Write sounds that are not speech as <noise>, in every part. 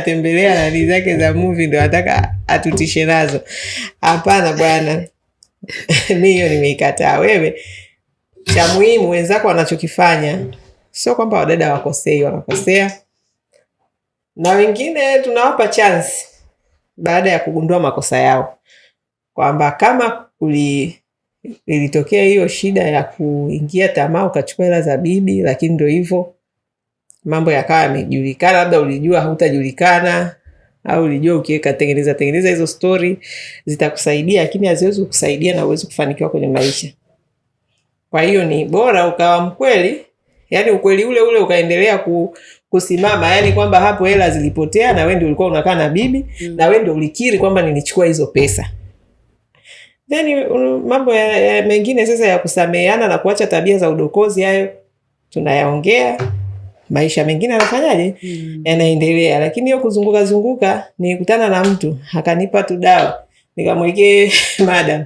anatembelea nani zake za movie ndo ataka atutishe nazo. Hapana bwana, <laughs> mi hiyo nimeikataa. Wewe cha muhimu wenzako wanachokifanya sio kwamba wadada wakosei, wanakosea na wengine tunawapa chansi baada ya kugundua makosa yao, kwamba kama kuli ilitokea hiyo shida ya kuingia tamaa ukachukua hela za bibi, lakini ndo hivyo mambo yakawa yamejulikana, labda ulijua hautajulikana au ulijua ukiweka tengeneza tengeneza hizo stori zitakusaidia, lakini haziwezi kukusaidia na uwezi kufanikiwa kwenye maisha. Kwa hiyo ni bora ukawa mkweli, yani ukweli ule ule ukaendelea ku, kusimama, yani kwamba hapo hela zilipotea na we ndi ulikuwa unakaa na bibi mm. na we ndio ulikiri kwamba nilichukua hizo pesa. Then um, mambo ya, ya mengine sasa ya kusameheana na kuacha tabia za udokozi, hayo tunayaongea maisha mengine anafanyaje, mm. yanaendelea. Lakini hiyo kuzunguka zunguka, nikutana na mtu akanipa tu dawa nikamwekee <laughs> madam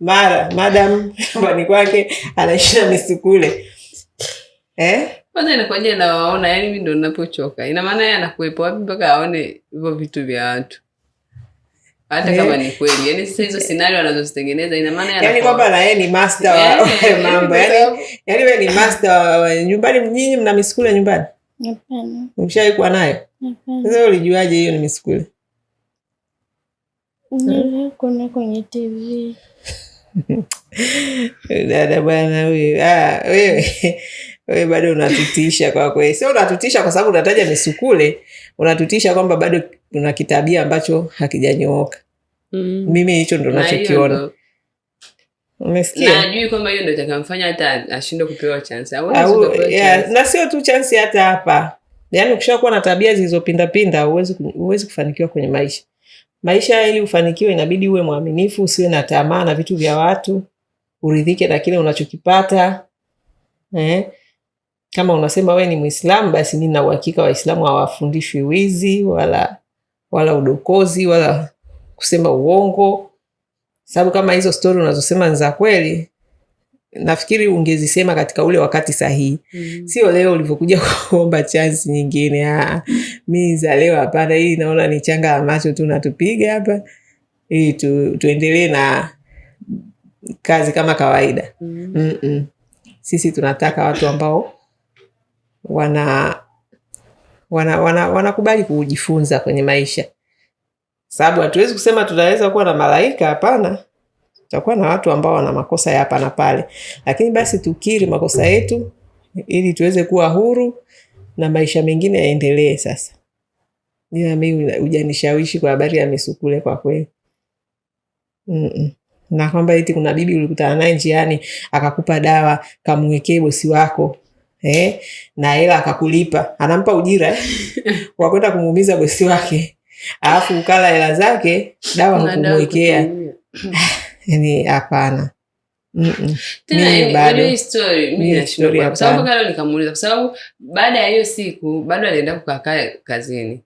mara madam <laughs> nyumbani kwake anaisha misukule eh? Kwanza inakuwaje nawaona? Yani mi ndo napochoka, ina maana yeye anakuwepo wapi mpaka aone hivyo vitu vya watu hata eh? Kama ni kweli yani, sasa hizo sinario anazozitengeneza ina maana yani kwamba na yeye ni master wa eh, <laughs> mambo yani, yani wewe ni master wa nyumbani, nyinyi mna misukule nyumbani Mshawai kuwa nayo? Sasa ulijuaje hiyo ni misukule? kwenye TV. <laughs> Dada bwana huyu. Ah, wewe <laughs> wewe bado unatutisha kwa kweli. Sio unatutisha kwa sababu unataja misukule, unatutisha kwamba bado kuna kitabia ambacho hakijanyooka. Mm. Mimi hicho ndo nachokiona. Umesikia? kwamba hiyo itakamfanya hata ashindwe kupewa na sio tu chansi hata hapa. Yaani ukishakuwa na tabia zilizopindapinda huwezi kufanikiwa kwenye maisha. Maisha ili ufanikiwe inabidi uwe mwaminifu, usiwe na tamaa na vitu vya watu, uridhike na kile unachokipata. Eh? Kama unasema we ni mwislamu basi mi na uhakika Waislamu hawafundishwi wizi wala wala udokozi wala kusema uongo sababu kama hizo stori unazosema ni za kweli, nafikiri ungezisema katika ule wakati sahihi mm. Sio leo ulivyokuja <laughs> kuomba chansi nyingine. Ah, mi za leo hapana, hii naona ni changa la macho tu, natupiga hapa ili tu, tuendelee na kazi kama kawaida mm. Mm -mm. Sisi tunataka watu ambao wana wanakubali wana, wana kujifunza kwenye maisha sababu hatuwezi kusema tunaweza kuwa na malaika. Hapana, tutakuwa na watu ambao wana makosa ya hapa na pale, lakini basi tukiri makosa yetu ili tuweze kuwa huru na maisha mengine yaendelee. Sasa ila mi hujanishawishi kwa habari ya misukule kwa kweli mm -mm. na kwamba iti kuna bibi ulikutana naye njiani akakupa dawa kamwekee bosi wako eh? na hela akakulipa, anampa ujira eh? <laughs> wakwenda kumuumiza bosi wake alafu ukala hela zake dawa nakumwekea Yani <laughs> hapana nikamuuliza kwa sababu baada ya hiyo siku bado alienda kukakaa kazini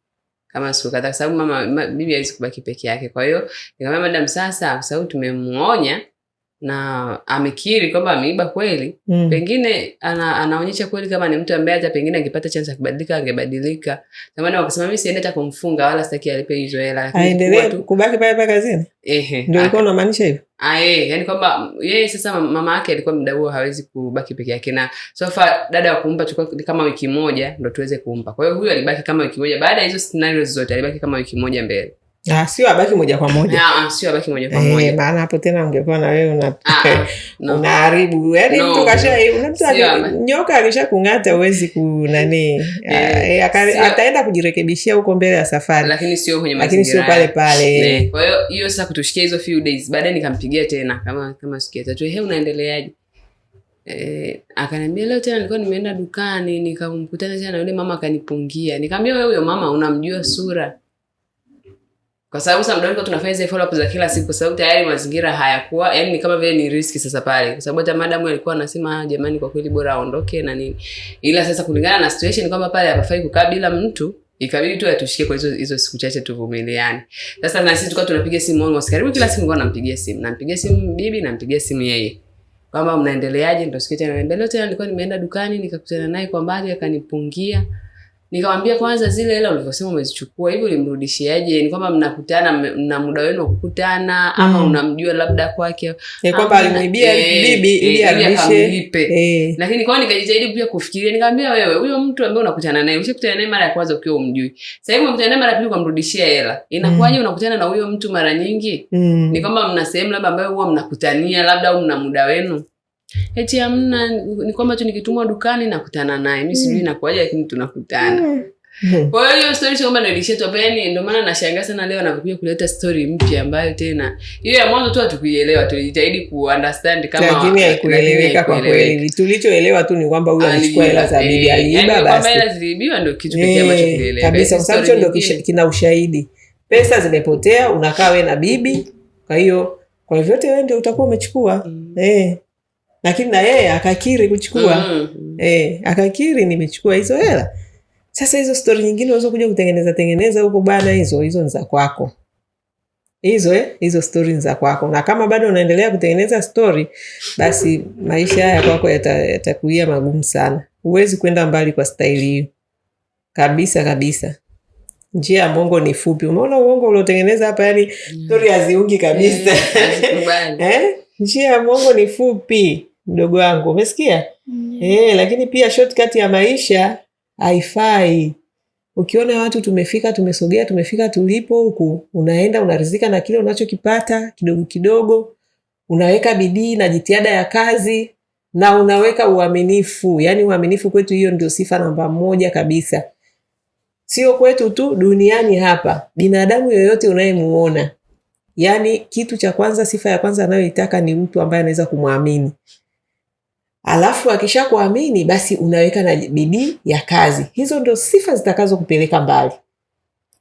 kama siku kadhaa, kwa sababu mama bibi awezi kubaki peke yake. Kwa hiyo nikamwambia madam, sasa kwa sababu tumemuonya na amekiri kwamba ameiba kweli mm. Pengine ana, anaonyesha kweli kama ni mtu ambaye hata pengine angepata chance kubadilika angebadilika. Zamani wakasema mimi siende hata kumfunga wala sitaki alipe hizo hela, aendelee kubaki pale pale kazini. Ehe, ndio ilikuwa unamaanisha hivyo? Ah, eh, yani kwamba yeye sasa mama yake alikuwa muda huo hawezi kubaki peke yake, na so far dada wa kumpa chukua kama wiki moja ndio tuweze kumpa. Kwa hiyo huyu alibaki kama wiki moja, baada ya hizo scenarios zote alibaki kama wiki moja mbele Ah, sio abaki moja kwa moja. Ah, ah sio abaki moja kwa eh, moja. Eh, maana hapo tena ungekuwa na wewe una ah, ah, <laughs> no. unaharibu. Yaani no. mtu kasha eh, unamtaka nyoka alishakung'ata huwezi ku nani. Eh, eh ataenda kujirekebishia huko mbele ya safari. Lakini sio kwenye mazingira. Lakini sio pale pale. Kwa hiyo hiyo sasa kutushikia hizo few days. Baadaye nikampigia tena kama kama sikia tatu. Hey, unaendeleaje? Eh, akaniambia leo tena nilikuwa nimeenda dukani nikamkutana tena na yule mama akanipungia. Nikamwambia wewe huyo mama unamjua sura kwa sababu sasa muda tunafanya zile follow up za kila siku, kwa sababu tayari mazingira hayakuwa yani, ni kama vile ni risk sasa pale, kwa sababu hata madamu alikuwa anasema ah, jamani, kwa kweli bora aondoke na nini, ila sasa kulingana na situation kwamba pale hapafai kukaa bila mtu ikabidi tu atushike kwa hizo hizo siku chache tuvumiliane. Sasa na sisi tukawa tunapiga simu almost karibu kila siku, nampigia simu nampigia simu bibi, nampigia simu yeye kwamba mnaendeleaje, ndio sikia tena naendelea tena. Nilikuwa nimeenda dukani nikakutana naye kwa mbali, akanipungia Nikamwambia kwanza, zile hela ulivyosema umezichukua hivi ulimrudishiaje? Ni kwamba mnakutana, mna muda wenu wa kukutana ama mm. unamjua labda kwake, ni kwamba alimuibia bibi eh, eh, ili arudishe. Eh. Lakini kwao nikajitahidi pia kufikiria, nikamwambia, wewe huyo mtu ambaye unakutana naye, ushakutana naye mara ya kwanza ukiwa umjui, sasa hivi unakutana naye mara ya pili kumrudishia hela, inakuwaje? mm. unakutana na huyo mtu mara nyingi mm. ni kwamba mna sehemu labda ambayo huwa mnakutania labda au mna muda wenu Eti amna ni kwamba tu nikitumwa dukani nakutana naye. mi sijui mm. nakuaja lakini tunakutana. Mm. Kwa hiyo hiyo stori sikwamba nilishetu hapa, yani ndio maana nashanga sana leo anakuja kuleta stori mpya ambayo tena hiyo ya mwanzo tu hatukuielewa, tulijitahidi kuunderstand kama haikueleweka kwa kweli. Tulichoelewa tu ni kwamba huyo alichukua hela za eh, bibi aliiba, yaani basi ziliibiwa, ndo kitu pekee eh, kabisa, kwa sababu ndo kina ushahidi. Pesa zimepotea, unakaa we na bibi, kwa hiyo kwa vyote wende utakuwa umechukua mm. eh lakini na yeye akakiri kuchukua mm eh, akakiri nimechukua hizo hela. Sasa hizo stori nyingine unaweza kuja kutengeneza tengeneza huko bana, hizo hizo ni za kwako hizo eh, hizo stori ni za kwako, na kama bado unaendelea kutengeneza stori, basi maisha haya kwako yatakuia yata magumu sana. Huwezi kwenda mbali kwa staili hiyo kabisa kabisa. Njia ya mongo ni fupi. Umeona uongo uliotengeneza hapa, yani mm. stori haziungi kabisa. Eh, <laughs> eh njia ya mongo ni fupi mdogo wangu, umesikia? mm. E, lakini pia shortcut ya maisha haifai. Ukiona watu tumefika, tumesogea, tumefika tulipo huku, unaenda unaridhika na kile unachokipata kidogo kidogo, unaweka bidii na jitihada ya kazi na unaweka uaminifu. Yaani uaminifu kwetu, hiyo ndio sifa namba moja kabisa, sio kwetu tu, duniani hapa, binadamu yoyote unayemuona Yaani kitu cha kwanza, sifa ya kwanza anayoitaka ni mtu ambaye anaweza kumwamini alafu akisha kuamini basi unaweka na bidii ya kazi. Hizo ndo sifa zitakazo kupeleka mbali,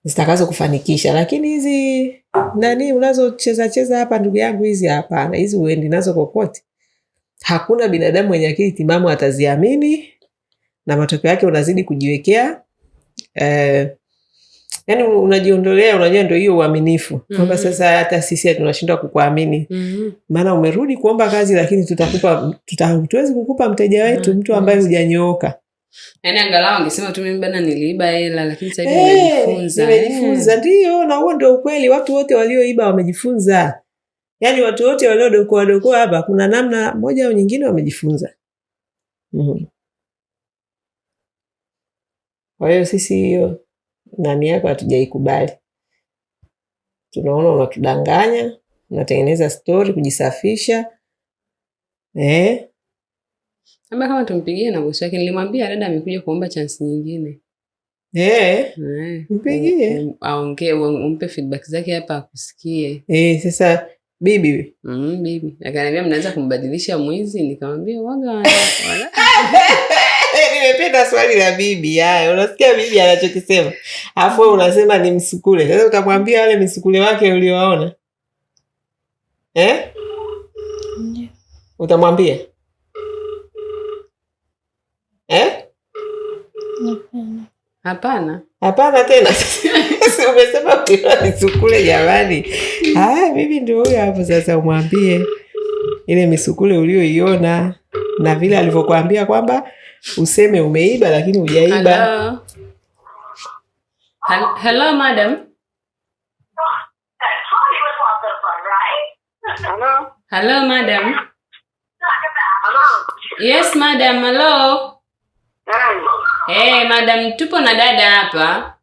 zitakazo kufanikisha. Lakini hizi nani unazochezacheza cheza hapa, ndugu yangu, hizi hapana, hizi uendi nazo kokote. Hakuna binadamu mwenye akili timamu ataziamini, na matokeo yake unazidi kujiwekea eh, yani unajiondolea, unajua ndo hiyo uaminifu mm-hmm. kwamba mm -hmm. sasa hata sisi tunashindwa kukuamini mm-hmm. maana mm -hmm. umerudi kuomba kazi, lakini tutakupa tuwezi kukupa mteja wetu mm -hmm. mtu ambaye mm-hmm. hujanyooka yani angalau angesema tu mimi bana niliiba hela, lakini sasa eh, nimejifunza. Nimejifunza eh. ndio, na huo ndo ukweli. Watu wote walioiba wamejifunza, yani watu wote waliodokoa dokoa hapa, kuna namna moja au nyingine wamejifunza. mm -hmm. Kwa hiyo sisi hiyo nani yako hatujaikubali. Tunaona unatudanganya, unatengeneza stori kujisafisha eh? Labda kama tumpigie na bosi wake. Nilimwambia dada amekuja kuomba chansi nyingine eh, eh, mpigie um, um, aongee, um, umpe feedback zake hapa akusikie. Eh, sasa bibi mm, bibi akaniambia mnaweza kumbadilisha mwizi, nikamwambia waga <laughs> Eh, nimependa swali la bibi. Haya, unasikia bibi anachokisema. afu unasema ni msukule. Sasa utamwambia wale misukule wake uliowaona? Eh? Utamwambia? Eh? Hapana. tena. <laughs> Umesema misukule jamani. Ah, bibi ndio huyo hapo sasa umwambie ile misukule ulioiona na vile alivyokuambia kwamba useme umeiba lakini ujaiba. Hello. Hello, madam. Hello. Hello, madam. Yes, madam. Hello. Hey, madam, tupo na dada hapa.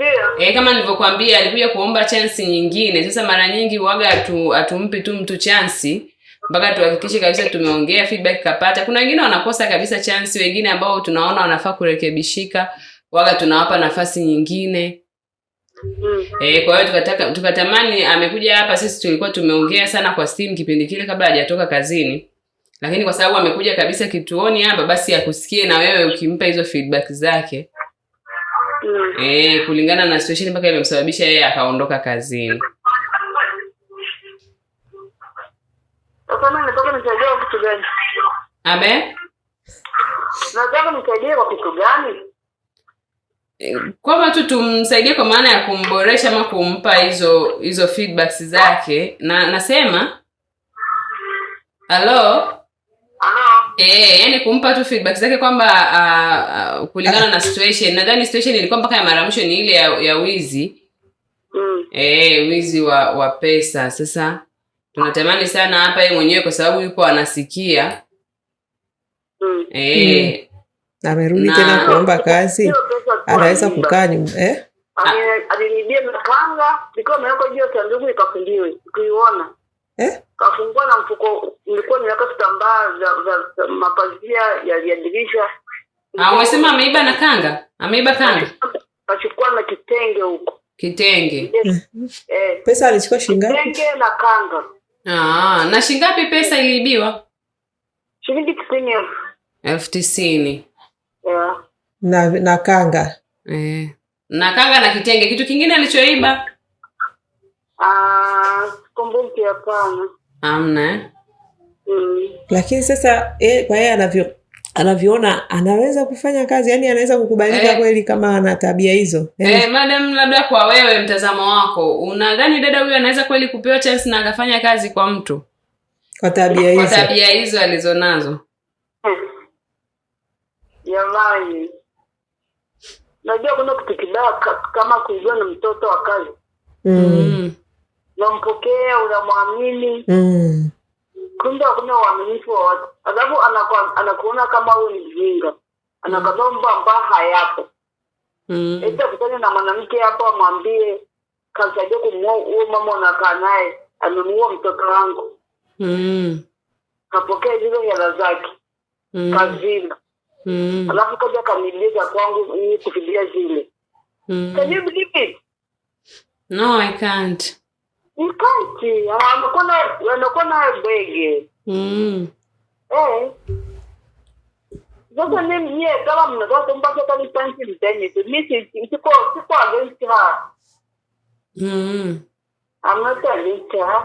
Yeah. E, kama nilivyokuambia alikuja kuomba chansi nyingine. Sasa mara nyingi waga atumpi tu mtu chansi mpaka tuhakikishe kabisa tumeongea, feedback kapata. Kuna wengine wanakosa kabisa chance, wengine ambao tunaona wanafaa kurekebishika, waga tunawapa nafasi nyingine. Mm. E, kwa hiyo tukatamani tuka amekuja hapa, sisi tulikuwa tumeongea sana kwa simu kipindi kile kabla hajatoka kazini. Lakini kwa sababu amekuja kabisa kituoni hapa, basi akusikie na wewe ukimpa hizo feedback zake. Mm. e, kulingana na situation mpaka imemsababisha yeye akaondoka kazini. Amen. Kwamba tu tumsaidie kwa maana ya kumboresha ama kumpa hizo hizo feedbacks zake, na nasema halo Eh, yani kumpa tu feedback zake kwamba uh, uh, kulingana na situation. Nadhani situation ilikuwa mpaka ya mara mwisho ni ile ya, ya wizi mm. Eh, wizi wa wa pesa sasa tunatamani sana hapa yeye mwenyewe kwa sababu yupo anasikia mm. E, mm. amerudi tena kuomba kazi, anaweza kukaa ni eh? Aliniibia mapanga nilikuwa nimeweka juu ya sanduku ikafungiwe, kuiona eh? Kafungua na mfuko, nilikuwa nimeweka vitambaa za mapazia ya dirisha. Ah, umesema ameiba na kanga, ameiba kanga, kachukua na kitenge huko kitenge. Mm. Eh, pesa alichukua shilingi Kitenge na kanga Aa, ah, na shingapi pesa iliibiwa? Shilingi tisini. elfu tisini na na kanga eh. na kanga na kitenge. Kitu kingine alichoiba ah, amna, eh? mm. Lakini sasa eh, kwa yeye anavyo anavyoona anaweza kufanya kazi, yani anaweza kukubalika hey, eh. kweli kama ana tabia hizo hey. Eh, yaani hey, madam, labda kwa wewe mtazamo wako, unadhani dada huyo anaweza kweli kupewa chance na akafanya kazi kwa mtu kwa tabia hizo, kwa tabia hizo alizonazo? Hmm. Jamani, najua kuna kitu kibaya kama kuigiwa na mtoto wa kazi. mm. Unampokea, hmm. unamwamini mm kumbe hakuna uaminifu wa kwa sababu anakuona kama huyu ni mjinga, anakataa mambo mm. ambayo hayapo. Eti mm. akutane na mwanamke hapo amwambie kamsaidia kumuoa huyo mama unakaa naye, amemuua mtoto wangu. Mm. Kapokea zile hela zake kazina alafu kaja kaniliza kwangu kufidia zile mm. Can you believe it? No, I can't. Mkanti anakona ah, anakona bwege. Mm. Eh. Sasa mimi mie kama mnataka kumpa kwa kani pansi tu mimi si siko siko against her. Mm. I'm not against her.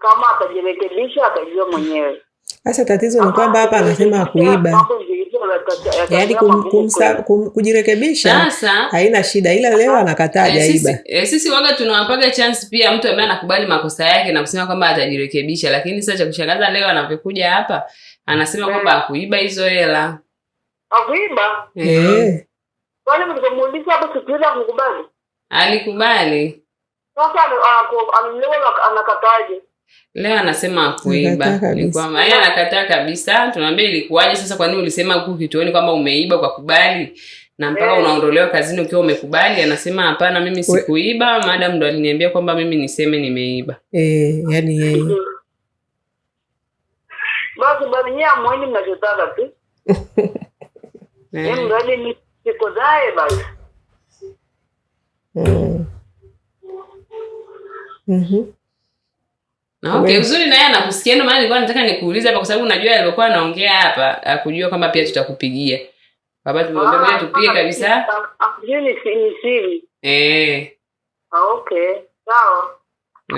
Kama atajua mwenyewe. Sasa tatizo ni kwamba hapa anasema kuiba, yaani kujirekebisha haina shida, ila leo anakataa eh, iba. E, eh, sisi waga tunawapaga chance pia mtu ambaye anakubali makosa yake na kusema kwamba atajirekebisha, lakini sasa cha kushangaza leo anavyokuja hapa anasema eh. kwamba akuiba hizo hela akuiba eh. Wale mlikomuuliza hapo kukubali. Alikubali. Sasa ah, anakataje? Leo anasema hakuiba, ni kwamba yeye anakataa kabisa. Tunaambia ilikuwaje sasa? Kwa nini ulisema huku kituoni kwamba umeiba kwa kubali, na mpaka eh. unaondolewa kazini ukiwa umekubali? Anasema hapana, mimi sikuiba, madam ndo aliniambia kwamba mimi niseme nimeiba. Eh, yani yeye mm-hmm. basi basi, nyinyi amweni mnachotaka tu, <laughs> mimi yaani ni siko dae basi. Mhm. Okay, Uzuri naye anakusikia, ndio maana nilikuwa nataka nikuulize hapa kwa sababu najua alivyokuwa anaongea hapa akujua kwamba pia tutakupigia. Baba tumwambia ah, tupige ah, kabisa. Ah, ah, hiyo ni siri. Eh. okay. Sawa.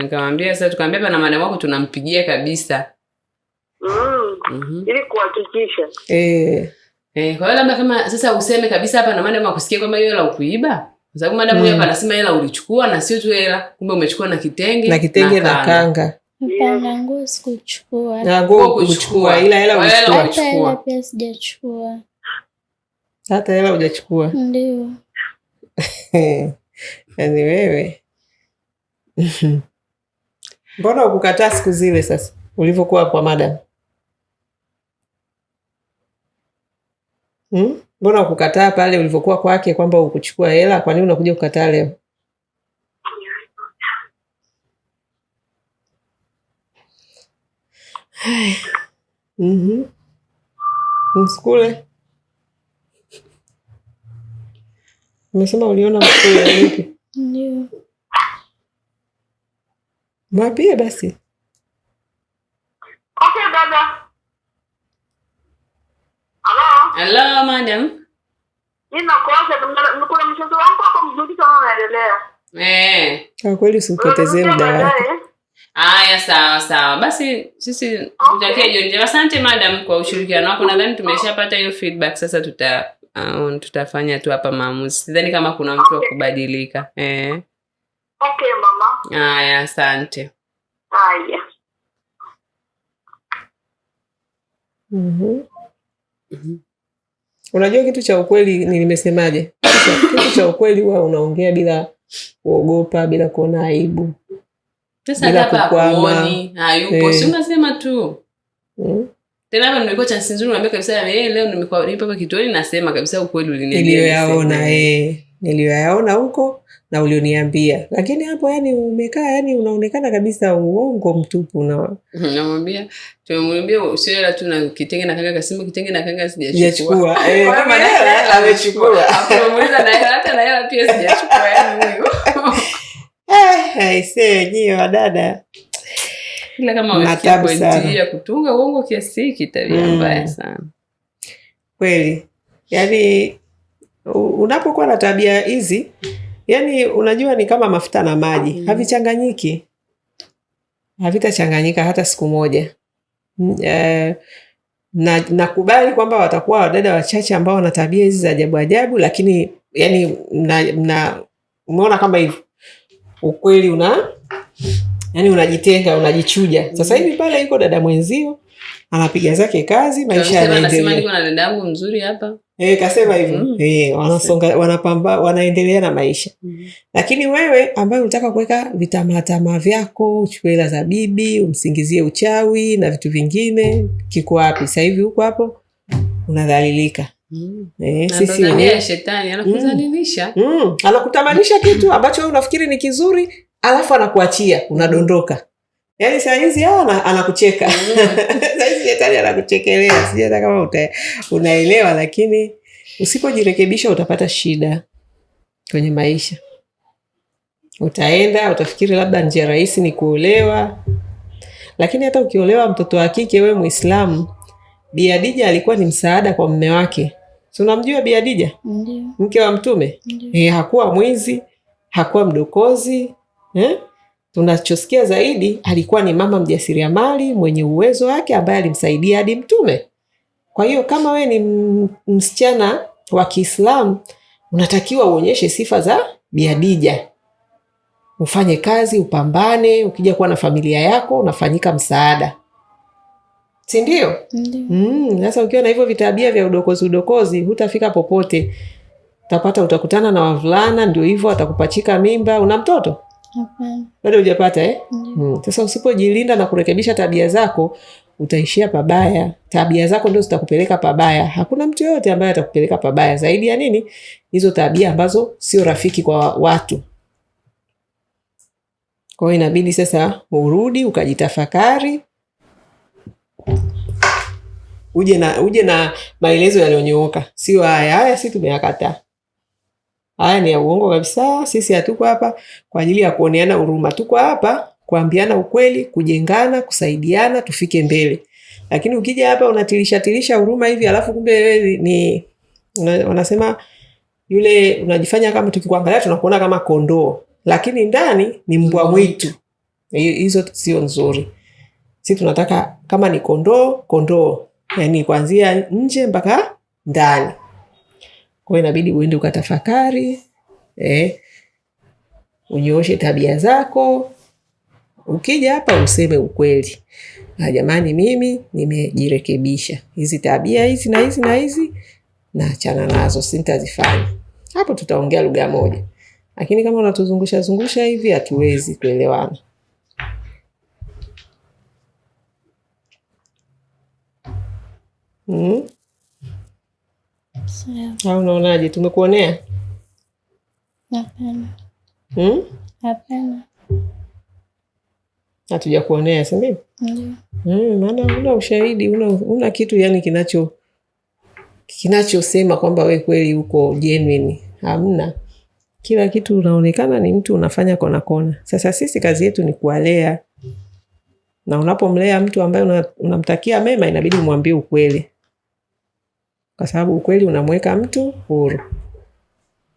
Nikamwambia sasa tukamwambia bana madam wako tunampigia kabisa. Mm. Mm Ili kuhakikisha. Eh. Eh, kwa hiyo labda kama sasa useme kabisa hapa na madam akusikie kwamba hiyo la ukuiba. Kwa sababu madam mm. hapa anasema hela ulichukua na sio tu hela, kumbe umechukua na kitenge na kitenge na, na kanga nguo sikuchukua, na nguo kuchukua, ila hela hela pia sijachukua, hata hela hujachukua. Ndio yaani <laughs> wewe mbona ukukataa siku zile sasa ulivyokuwa kwa madam hmm? mbona hmm? ukukataa pale ulivyokuwa kwake kwamba ukuchukua hela, kwa nini unakuja kukataa leo? <sighs> Mm Mskule umesema uliona mskule vipi? Mwambie basi. Okay, dada. Hello. Hello, madam. Eh. Kwa kweli usimpotezee muda wako. Haya, sawa sawa. Basi sisi tutakia okay, jioni Asante madam kwa ushirikiano wako, nadhani tumeshapata hiyo feedback. Sasa tuta uh, tutafanya tu hapa maamuzi, sidhani kama kuna mtu wa kubadilika eh. Okay mama. Haya, asante. Haya. Mm-hmm. Unajua kitu cha ukweli nilimesemaje? kitu cha ukweli huwa unaongea bila kuogopa, bila kuona aibu hayupo, eh. si unasema tu mm. Tena hapa nimekuwa chansi nzuri, naambia kabisa eh, leo nimekuwa nipo hapa kituoni, nasema kabisa ukweli uliniambia, niliyoyaona eh, niliyoyaona huko na ulioniambia. Lakini hapo yani umekaa yani unaonekana kabisa uongo mtupu, na <laughs> namwambia tumemwambia sio hela tu na kitenge na kanga, kasema kitenge na kanga sijachukua, eh. amechukua, <laughs> amemuuliza na hela, hata na hela pia sijachukua yani huyo aisee, wenyewe wadada ila kama kutunga uongo kiasi hiki, tabia mm. mbaya mm. sana kweli. Yani unapokuwa na tabia hizi, yani unajua ni kama mafuta na maji mm. havichanganyiki, havitachanganyika hata siku moja. E, na nakubali kwamba watakuwa wadada wachache ambao wana tabia hizi za ajabu ajabu, lakini yani umeona kama hivyo ukweli una yani unajitenga unajichuja. Sasa hivi pale yuko dada mwenzio anapiga zake kazi, maisha yanaendelea. E, kasema hivyo mm. E, wanasonga, wanapamba, wanaendelea na maisha mm. Lakini wewe ambaye unataka kuweka vitamatamaa vyako, uchukue hela za bibi umsingizie uchawi na vitu vingine, kiko wapi sasa hivi? Huko hapo unadhalilika. Mm. Eh, mm. mm. Anakutamanisha kitu ambacho unafikiri ni kizuri, alafu anakuachia unadondoka. yani saizi hizi anakucheka. <laughs> shetani anakuchekelea. Sijata kama uta, unaelewa lakini usipojirekebisha utapata shida kwenye maisha. Utaenda utafikiri labda njia rahisi ni kuolewa. Lakini hata ukiolewa mtoto wa kike wewe mwislamu biadija alikuwa ni msaada kwa mme wake Si unamjua Bi Ndiyo. Mke wa Mtume? Ndiyo. Eh, hakuwa mwizi, hakuwa mdokozi. Eh? Tunachosikia zaidi alikuwa ni mama mjasiriamali mwenye uwezo wake ambaye alimsaidia hadi Mtume. Kwa hiyo kama we ni msichana wa Kiislamu unatakiwa uonyeshe sifa za Bi Ufanye kazi, upambane, ukija kuwa na familia yako unafanyika msaada sindio mm, Sasa mm, ukiwa na hivyo vitabia vya udokozi udokozi, hutafika popote. Utapata utakutana na wavulana, ndio hivyo, atakupachika mimba. Una mtoto bado hujapata eh? Mm. Sasa usipojilinda na kurekebisha tabia zako utaishia pabaya. Tabia zako ndio zitakupeleka pabaya. Hakuna mtu yoyote ambaye atakupeleka pabaya zaidi ya nini? Hizo tabia ambazo sio rafiki kwa watu. Kwa inabidi sasa urudi ukajitafakari, uje na uje na maelezo yaliyonyooka, sio haya haya, si tumeyakataa haya ni ya uongo kabisa. Sisi hatuko hapa kwa ajili ya kuoneana huruma, tuko hapa kuambiana ukweli, kujengana, kusaidiana, tufike mbele. Lakini ukija hapa unatilisha tilisha huruma hivi, alafu kumbe wewe ni wanasema yule, unajifanya kama, tukikuangalia tunakuona kama kondoo, lakini ndani ni mbwa mwitu. Hizo sio nzuri. Sisi tunataka kama ni kondoo, kondoo yani kuanzia nje mpaka ndani. Kwa hiyo inabidi uende ukatafakari, eh, unyooshe tabia zako. Ukija hapa useme ukweli, na ah, jamani, mimi nimejirekebisha, hizi tabia hizi na hizi na hizi naachana nazo, sintazifanya. Hapo tutaongea lugha moja, lakini kama unatuzungushazungusha hivi hatuwezi kuelewana. Mm. Sawa. Au unaonaje? Tumekuonea? Hapana. Mm? Hapana. Hatuja kuonea, si ndio? Mm. Mm, maana una ushahidi, una, una kitu yani kinacho kinachosema kwamba we kweli uko genuine. Hamna. Kila kitu unaonekana ni mtu unafanya kona kona. Sasa sisi kazi yetu ni kuwalea, na unapomlea mtu ambaye unamtakia una mema, inabidi umwambie ukweli kwa sababu ukweli unamweka mtu huru.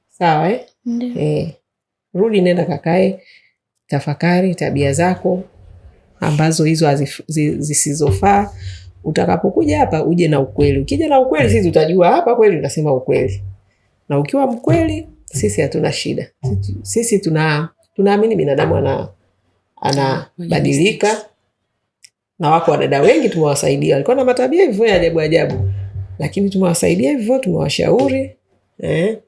Sawa eh? Eh, rudi, nenda kakae, tafakari tabia zako ambazo hizo zisizofaa. Utakapokuja hapa uje na ukweli. Ukija na ukweli, sisi tutajua hapa kweli unasema ukweli, na ukiwa mkweli, sisi hatuna shida. Sisi tuna tunaamini binadamu ana anabadilika, na wako wadada wengi tumewasaidia walikuwa na matabia hivyo ya ajabu ajabu lakini tumewasaidia hivyo, tumewashauri eh.